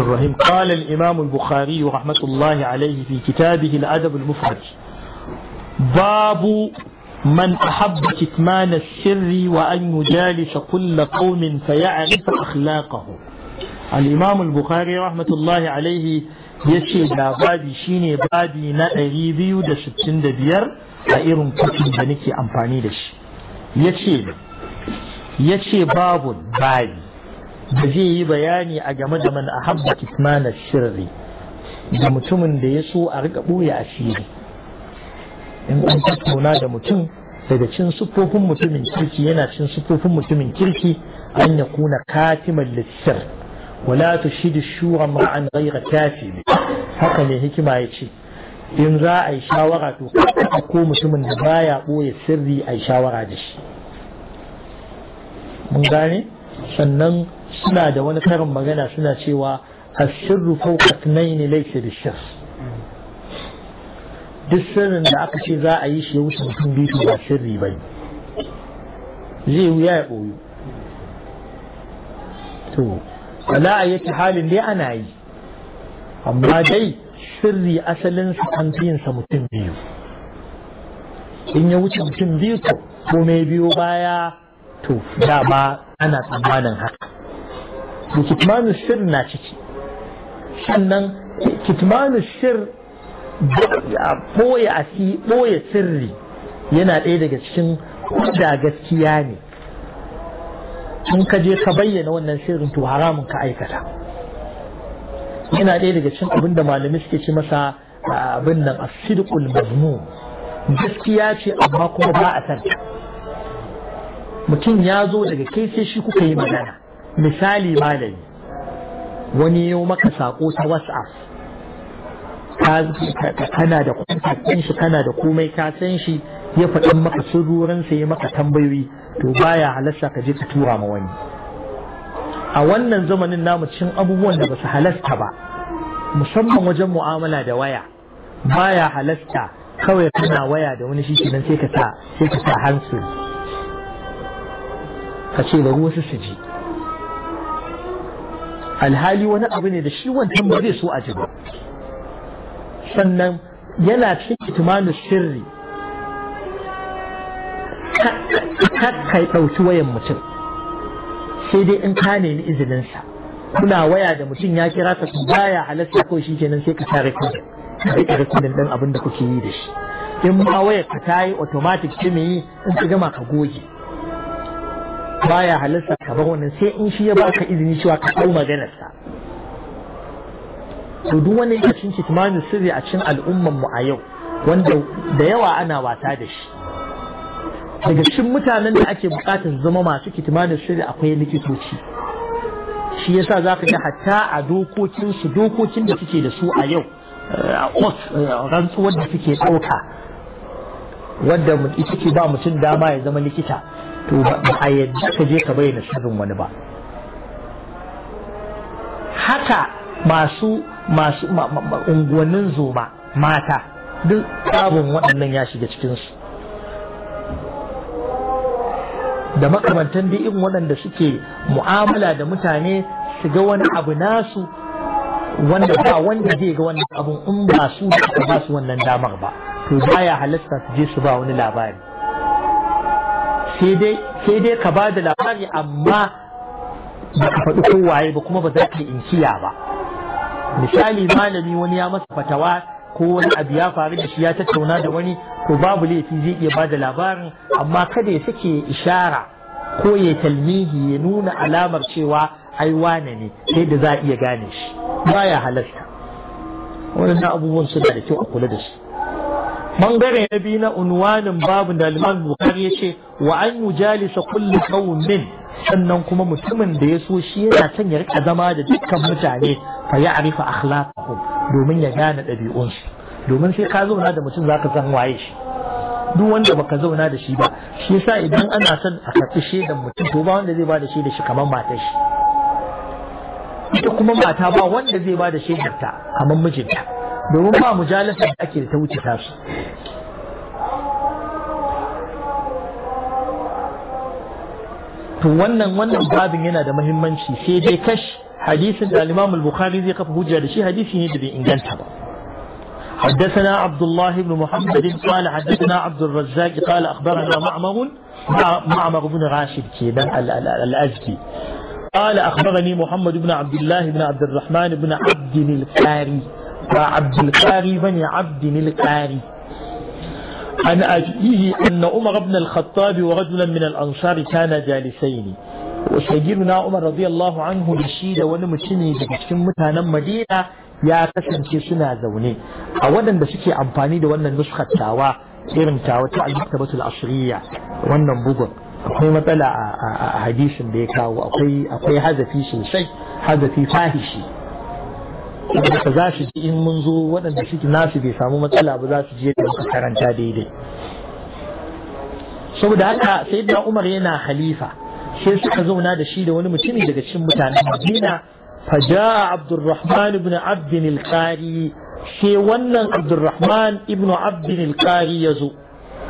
الرحيم قال الإمام البخاري رحمة الله عليه في كتابه الأدب المفرد باب من أحب كتمان السر وأن يجالس كل قوم فيعرف أخلاقه الإمام البخاري رحمة الله عليه يشي دا بادي شيني بادي نا أريبيو دا بير دا أئرم كتن بنكي نكي أمفاني دش يشي يشي باب بادي da zai yi bayani a game da man ahabba kitmana sirri da mutumin da ya so a riƙa ɓoye asiri in an tattauna da mutum daga cin siffofin mutumin kirki yana cin siffofin mutumin kirki an ya kuna katiman littar wala shi da shura ma'an ghaira kafi haka ne hikima ya ce in za a yi shawara to ko mutumin da baya ɓoye sirri a yi shawara da shi mun gane sannan suna da wani karin magana suna cewa asirru fawqa ne da shirs duk sirrin da aka ce za a yi shi ya wuce mutum biyu ba sirri ba zai wuya ya ɓoyo to wala a yake halin dai ana yi amma dai sirri asalin su an fi yinsa mutum biyu in ya wuce mutum biyu to ko mai biyu baya to da ba ana tsammanin haka da kitmanu shir na ciki sannan kitmanu boye a asi boye sirri yana ɗaya daga cikin da gaskiya ne in ka je ka bayyana wannan sirrin to haramun ka aikata yana ɗaya daga cikin abin da malami suke ce masa abin nan asidqul mazmum gaskiya ce amma kuma ba a san mutum ya zo daga kai sai shi kuka yi magana misali malami wani yau maka sako ta whatsapp kana da kwantakin shi kana da komai ka san shi ya faɗin maka sururinsa ya maka tambayoyi to baya halasta ka je ka tura ma wani a wannan zamanin namu cin abubuwan da ba su halasta ba musamman wajen mu'amala da waya baya halasta kawai kana waya da wani shi nan sai ka sa sai ka hansu ka ce bari wasu su ji alhali wani abu ne da shi wancan ba zai so a ji ba sannan yana cikin kitimanu sirri kai ɗauki wayan mutum sai dai in ka nemi izininsa kuna waya da mutum ya kira ka su baya halatta ko shi kenan sai ka tare kudin ka ɗin abin da kuke yi da shi in ma wayar ka tayi yi automatic ce in ka gama ka goge baya halarta ka bar wannan sai in shi ya baka izini cewa ka ɗau maganarsa to duk wani a cin kitmanin sirri a cikin al'umman mu a yau wanda da yawa ana wata da shi daga cikin mutanen da ake bukatar zama masu kitmanin sirri akwai likitoci shi yasa za ka ga hatta a dokokin su dokokin da suke da su a yau a os, rantsuwar da suke ɗauka wadda ita ba mutum dama ya zama likita to ba a yadda ka je ka bayyana sharrin wani ba haka masu masu unguwannin zoma mata duk tsabin waɗannan ya shiga cikinsu da makamantan da irin waɗanda suke mu'amala da mutane su ga wani abu nasu wanda ba wanda zai ga wannan abu in ba su da ba su wannan damar ba to baya halatta su je su ba wani labari sai dai ka ba da labari amma ba ka faɗi kowaye ba kuma ba za ka yi inkiya ba misali malami wani ya masa fatawa ko wani abu ya faru da shi ya tattauna da wani to babu laifi zai iya ba da labarin amma kada ya sake ishara ko ya talmihi ya nuna alamar cewa ai wane ne sai da za a iya gane shi baya halasta waɗannan abubuwan suna da kyau a kula da shi. bangare na biyu na unwanin babu da liman bukari ya ce wa an yi jalisa kulli qaumin sannan kuma mutumin da ya so shi yana son ya rika zama da dukkan mutane fa ya arifa akhlaqahum domin ya gane ɗabi'unsu domin sai ka zauna da mutum zaka san waye shi duk wanda baka zauna da shi ba shi yasa idan ana son a karɓi shaidan mutum to ba wanda zai ba da shaidar shi kamar matar shi ita kuma mata ba wanda zai ba da shaidar kamar mijinta domin ba mujalasa da ake da ta wuce tasu to wannan wannan babin yana da muhimmanci sai dai kash hadisin da al-Imam al-Bukhari zai kafa hujja da shi hadisi ne da bai inganta ba حدثنا عبد الله بن محمد قال حدثنا عبد الرزاق قال أخبرنا معمر معمر بن راشد كيدا الأزكي قال أخبرني محمد بن عبد الله بن عبد الرحمن بن عبد الكاري وعبد الكاري بن عبد الكاري عن أجله أن عمر بن الخطاب ورجلا من الأنصار كان جالسين وسيدنا عمر رضي الله عنه بشيدة ونمتني بشم متانا مدينة يا قسم كيسنا زوني أولا بسكي أمباني دو وانا نسخة تاوى إيرن تاوى تعالى مكتبة الأصرية وانا مبوغر أخوي مطلع آه، آه، آه، حديث بيكاو أخوي هذا في سلسي هذا في فاهشي saboda za su ji in mun zo waɗanda suke nasu bai samu matsala ba za su je da muka karanta daidai saboda haka sai da umar yana khalifa sai suka zauna da shi da wani mutumi daga cikin mutanen madina faja abdurrahman ibn abdin alqari sai wannan abdurrahman ibn abdin alqari ya zo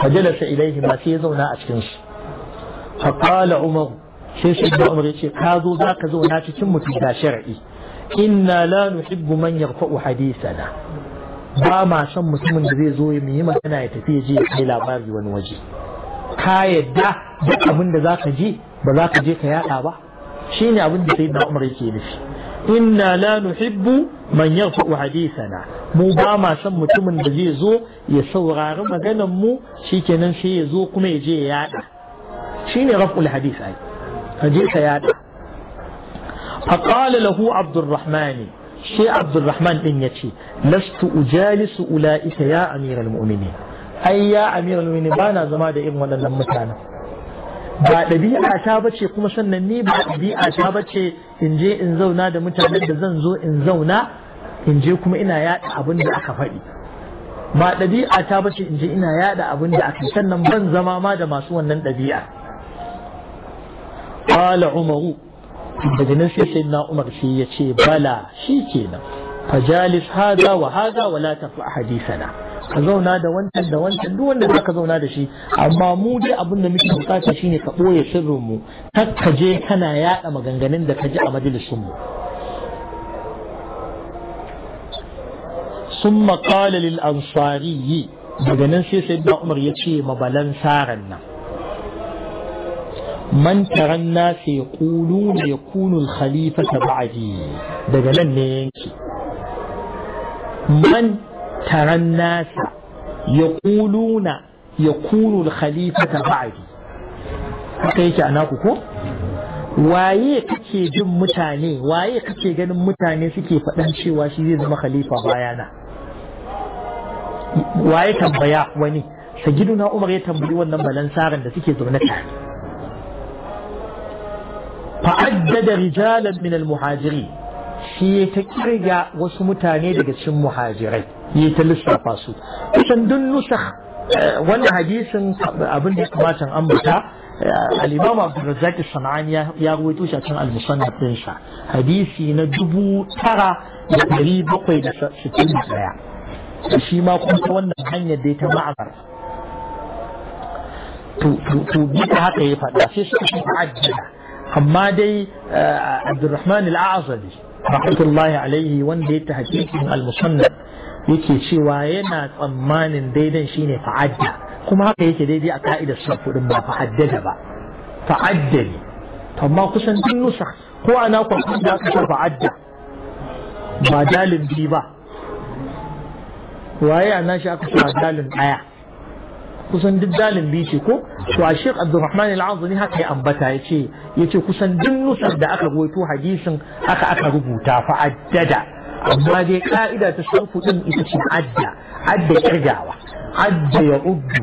fajalasa ilaihi ma sai ya zauna a cikin shi. fa qala umar sai shi da umar ya ce ka zo za ka zauna cikin mutum da shar'i inna la nuhibbu man yarfa'u hadisana ba ma son mutumin da zai zo ya yi magana ya tafi ya je ya labari wani waje ka yadda duk abin da zaka ji ba za ka je ka yada ba shine abin da sayyidina Umar yake nufi inna la nuhibbu man yarfa'u hadisana mu ba ma son mutumin da zai zo ya saurari maganar mu shikenan sai ya zo kuma ya je ya yada shine raf'ul hadis ai ka je ka yada فقال له عبد الرحمن شيء عبد الرحمن إن يتي لست أجالس أولئك يا أمير المؤمنين أي يا أمير المؤمنين بانا زمادة إبن ولا لمتانا ba ɗabi'ata ta bace kuma sannan ni ba ɗabi'a ta bace in je in zauna da mutanen da zan zo in zauna in je kuma ina yaɗa abin da aka faɗi ba ɗabi'a ta bace in je ina yaɗa abin da aka sannan ban zama ma da masu wannan ɗabi'a qala umaru daga nan sai sai na umar sai ya ce bala shi kenan fajalis haza wa haza wa la tafi hadisana ka zauna da wancan da wancan duk wanda zaka zauna da shi amma mu dai abin da muke bukata shine ka boye sirrin mu kar ka je kana yada maganganun da ka ji a majalisin mu summa qala lil ansari daga nan sai sayyidina umar ya ce mabalan saran nan man taran nasa ya kulu ne ya kunu khalifa ta ba'adi daga nan ne yanki man taran nasa ya kulu na ya kunu khalifa ta ba'adi haka yake a naku ko waye kake jin mutane waye kake ganin mutane suke faɗan cewa shi zai zama khalifa bayana waye tambaya wani sagiduna umar ya tambayi wannan balansarin da suke zaune tare فعدد رجالا من المهاجرين shi ta kirga wasu mutane daga cikin muhajirai yi ta lissafa su kusan dun nusa wannan hadisin abin da ya kamata ambata al-imam abdurrazzaq sanani ya rawaito shi a al-musannaf ɗinsa hadisi na dubu tara da dari bakwai da sittin da shi ma kuma ta wannan hanyar da ta ma'abar to bi haka ya faɗa sai suka ta'addada amma dai eh, Abdulrahman al'azali rahmatullahi alaihi wanda ya tahqiqin al-musannaf yake cewa yana tsammanin daidan shine fa'adda kuma haka yake daidai a ka'idar sa kudin ba fa'addada ba fa'addali amma kusan duk nusa ko ana kwakwun da aka fa'adda ba dalin bi ba waye a nashi aka sa dalin daya kusan duk dalibi ce ko to a Sheikh Abdulrahman Al-Azmi haka ya ambata yace yace kusan duk nusar da aka goto hadisin haka aka rubuta fa addada amma dai ka'ida ta sarfu din ita ce adda adda kirgawa adda ya uddu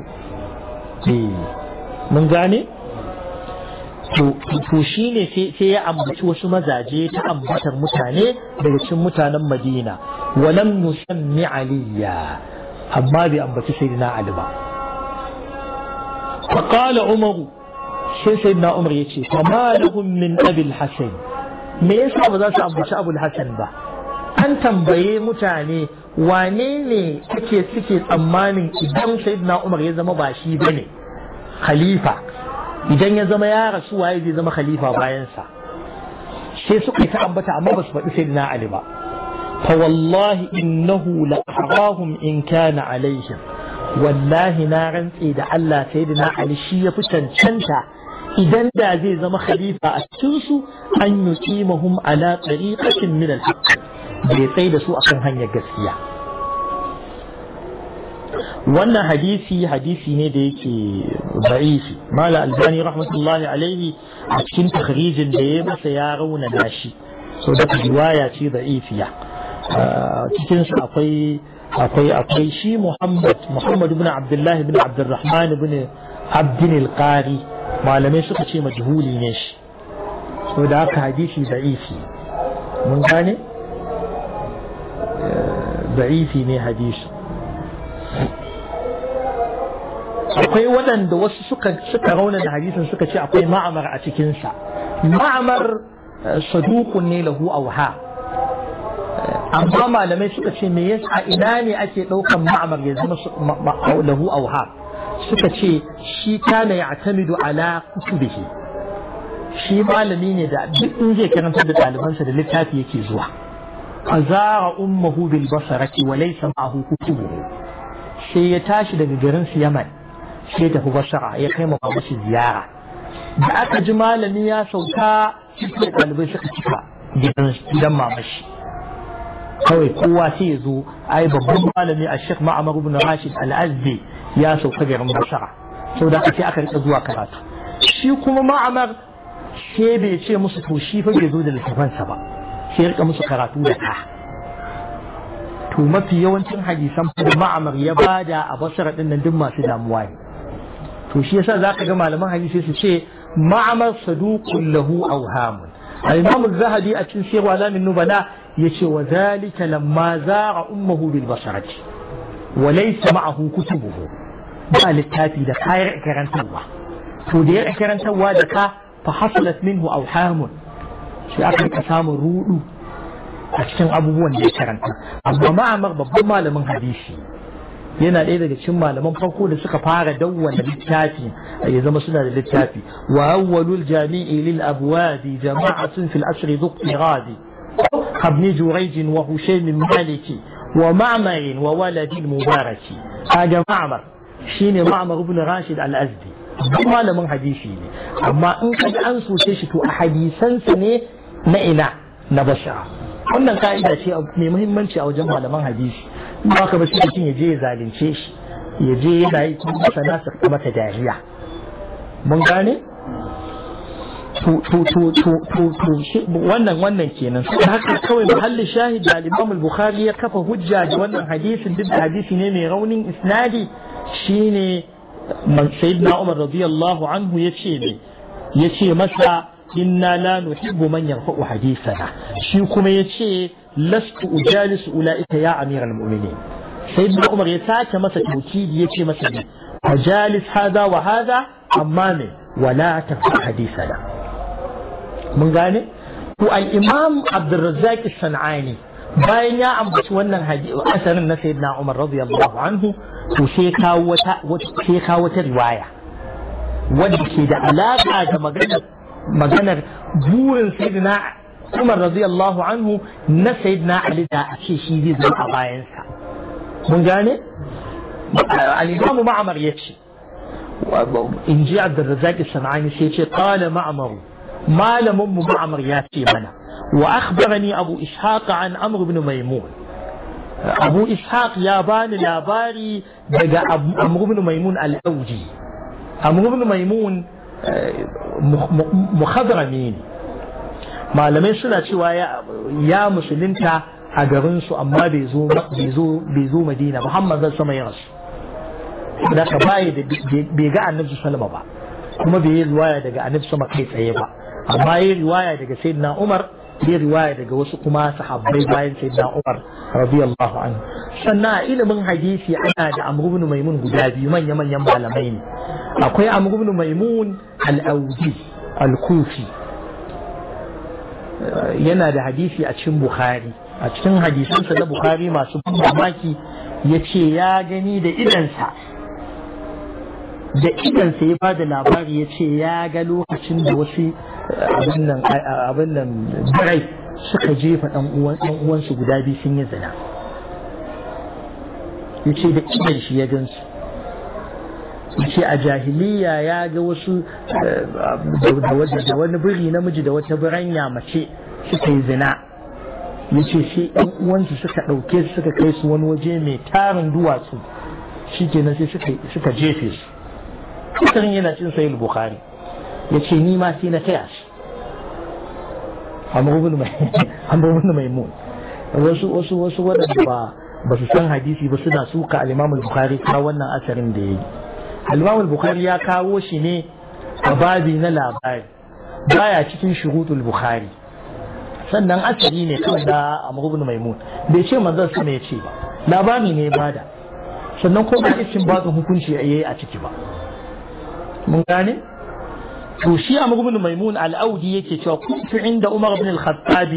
eh, mun gane to shi ne sai ya ambaci wasu mazaje ta ambatar mutane daga cikin mutanen madina lam nusammi aliyya amma bai ambaci sayyidina ali ba فقال Umaru sai sai na umar ya ce ma lahum min abil hasan me yasa ba za su ambaci abul ba an tambaye mutane wanene ne suke tsammanin idan sayyidina umar ya zama ba shi bane khalifa idan ya zama ya rasu waye zai zama khalifa bayan sa sai suka ta ambata amma ba su faɗi sayyidina ali ba fa wallahi innahu la arahum in kana alaihim wallahi na rantse da Allah sai da na Ali shi ya fi cancanta idan da zai zama khalifa a cikin su an yuqimahum ala tariqatin min al-haqq bai sai da su akan hanyar gaskiya wannan hadisi hadisi ne da yake da'ifi mala albani rahmatullahi alaihi a cikin takhrijin da ya masa ya rauna da shi so da riwaya ce da'ifiya cikin su akwai أطي أطي شي محمد محمد بن عبد الله بن عبد الرحمن بن عبد القاري ما لم يشق شي مجهول ينش وذاك حديثي ضعيفي من كان آه، ضعيفي ني حديث akwai waɗanda wasu suka suka rauna da hadisin شي ce معمر ma'amar a cikinsa ma'amar saduku ne amma malamai suka ce me yasa a ina ne ake ɗaukan ma'amar ya zama lahu auha suka ce shi kana ya atamidu ala kutubihi shi malami ne da duk in zai karanta da ɗalibansa da littafi yake zuwa azara ummuhu bil basarati wa laysa ma'ahu kutubuhu sai ya tashi daga garin su Yaman sai tafi basara ya kai ma musu ziyara da aka ji malami ya sauka sai ɗalibai suka cika gidan mamashi kawai kowa sai ya zo ai babban malami a shek Ma'amar ibn Rashid al ya sauka garin basara saboda haka sai aka rika zuwa karatu shi kuma Ma'amar sai bai ce musu to shi fa bai zo da littafansa ba sai rika musu karatu da ka to mafi yawancin hadisan ma'amar ya bada a basara din nan duk masu damuwa ne to shi yasa zaka ga malaman hadisi su ce ma'amar saduqul lahu awhamun al-imam az-zahabi a cikin sirwa lamin nubala yace wa zalika lamma يشي وذلك لما زار أمه ma'ahu kutubuhu ba كتبه da kayar karantawa to da yar karantawa da ka fa ده minhu منه shi aka ka samu rudu a cikin abubuwan da ya karanta amma ma'amar babban malamin hadisi yana ɗaya daga cikin malaman farko da suka fara dawwana littafi ya zama suna da littafi wa awwalul jami'i lil abwadi jama'atun fil asri dhuqiradi كابن جريج وهشيم مالك Mubaraci وولد المبارك هذا معمر شين معمر بن راشد الأزدي duk malamin hadisi ne amma in ka an soke shi to a hadisansa ne na ina na basha wannan ka'ida ce mai muhimmanci a wajen malaman hadisi ba ka bashi ya je ya zalunce shi ya je yana yi kuma sana su mata dariya mun gane wannan wannan kenan haka kawai muhallin shahid da al-Imam al-Bukhari ya kafa hujja da wannan hadisin duk hadisi ne mai raunin isnadi shine man sayyidina Umar radiyallahu anhu yace ne yace masa inna la nuhibbu man yarfa'u hadisana shi kuma yace lastu ujalisu ulaika ya amiral mu'minin sayyidina Umar ya sake masa tawkidi yace masa ne ajalis hada wa hada amma ne wala tafa hadisana mun gane ku al-imam abdurrazzaq sanani bayan ya ambaci wannan asarin na sayyidina umar radiyallahu anhu to sai kawo wata sai kawo wata riwaya wadda ke da alaka da maganar maganar burin sayyidina umar radiyallahu anhu na sayyidina ali da a ce shi zai zama a bayansa mun gane al-imam ma'mar yace in ji abdurrazzaq sanani sai ce qala ma'maru malamin mu Amr ya ce mana wa akhbarani Abu Ishaq an Amr ibn Maimun Abu Ishaq ya bani labari daga Amr ibn Maimun al-Auji Amr ibn Maimun eh, muhadrami ne malamai suna cewa ya musulunta a garinsu amma bai zo madina muhammad zan sama ya rasu da ka baya bai ga annabi salama ba kuma bai yi ruwaya daga annabi sama kai tsaye ba amma yi riwaya daga sayyidina Umar yi riwaya daga wasu kuma sahabbai bayan sayyidina Umar radiyallahu anhu sannan a ilimin hadisi ana da Amr ibn Maimun guda biyu manya manyan malamai ne akwai Amr ibn Maimun al-Audi al-Kufi yana da hadisi a cikin Bukhari a cikin hadisansa na Bukhari masu mamaki ya ce ya gani da idansa da idansa ya bada labari ya ce ya ga lokacin da wasu abin nan abin suka jefa dan uwan guda biyu sun yi zina yace da idan shi ya gansu yace a jahiliya ya ga wasu eh, da wani biri namiji da wata biranya mace suka yi zina yace sai ɗan uwansu suka ɗauke su suka kai su wani waje mai tarin duwatsu shi kenan sai suka jefe su kusurin yana cin sayil bukhari ya ce ni ma sai na taya shi amurubin maimun wasu wasu wasu waɗanda ba ba su san hadisi ba suna suka alimamul bukhari ta wannan asarin da ya yi alimamul bukhari ya kawo shi ne a babi na labari baya cikin shurutul bukhari sannan asali ne kan da amurubin maimun bai ce manzon su ne ce ba labari ne bada sannan ko ba ishin ba hukunci a yi a ciki ba mun gane to shi Amr ibn Maimun al-Audi yake cewa kuntu inda Umar bin al-Khattab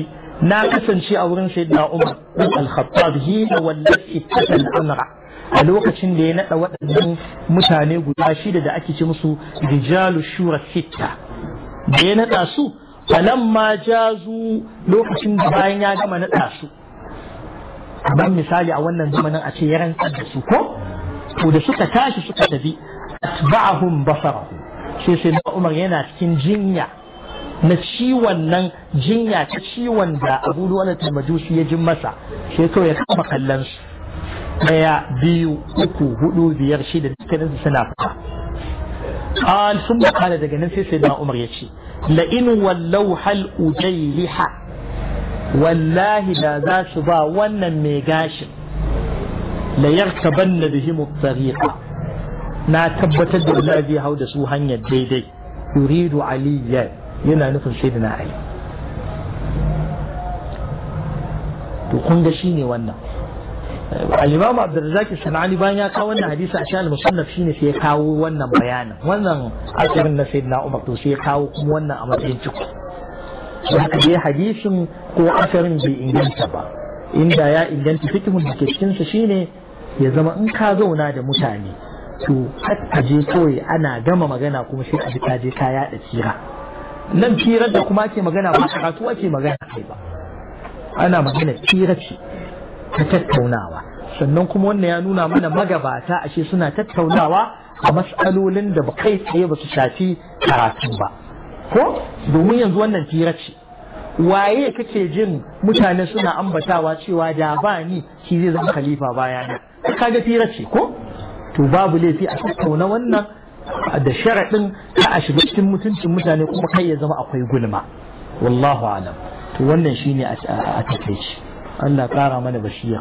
na kasance a wurin Sayyidina Umar bin al-Khattab hina wallati tatal amra a lokacin da ya nada waɗannan mutane guda shida da ake ce musu rijalu shura sitta da ya nada su falamma jazu lokacin da bayan ya gama nada su Ban misali a wannan zamanin a ce ya rantsar da su ko to da suka tashi suka tafi atba'ahum basarahu sai sai na umar yana cikin jinya na ciwon nan jinya ta ciwon da abu lu'alatul majusi ya jin masa sai kawai ya kama kallon su daya biyu uku hudu biyar shida dukkanin su suna fita qal sun kala daga nan sai sai na umar ya ce la in wallau hal ujayliha wallahi da za su ba wannan mai gashin la yarkabanna bihim at-tariqa na tabbatar da Allah zai hau da su hanyar daidai yuridu aliyya yana nufin sayyidina ali to kun ga shine wannan al-imam abdurrazzaq sanani bayan ya kawo wannan hadisi a shi musannaf shine sai ya kawo wannan bayanin wannan asirin na sayyidina umar to sai ya kawo kuma wannan a matsayin ciko da haka dai hadisin ko asirin bai inganta ba inda ya inganta fikihun da ke cikinsa shine ya zama in ka zauna da mutane to hatta je kawai ana gama magana kuma sai a fita je kaya da tsira nan firar da kuma ake magana ba karatu ake magana kai ba ana magana fira ce ta tattaunawa sannan kuma wannan ya nuna mana magabata ashe suna tattaunawa a matsalolin da kai tsaye ba su shafi karatu ba ko domin yanzu wannan fira ce waye kake jin mutane suna ambatawa cewa da ba ni shi zai zama khalifa bayana kaga fira ce ko to babu laifi a tattauna wannan da sharaɗin ta a shiga cikin mutuncin mutane kuma kai ya zama akwai gulma wallahu alam to wannan shine a takaici Allah ƙara mana bashiya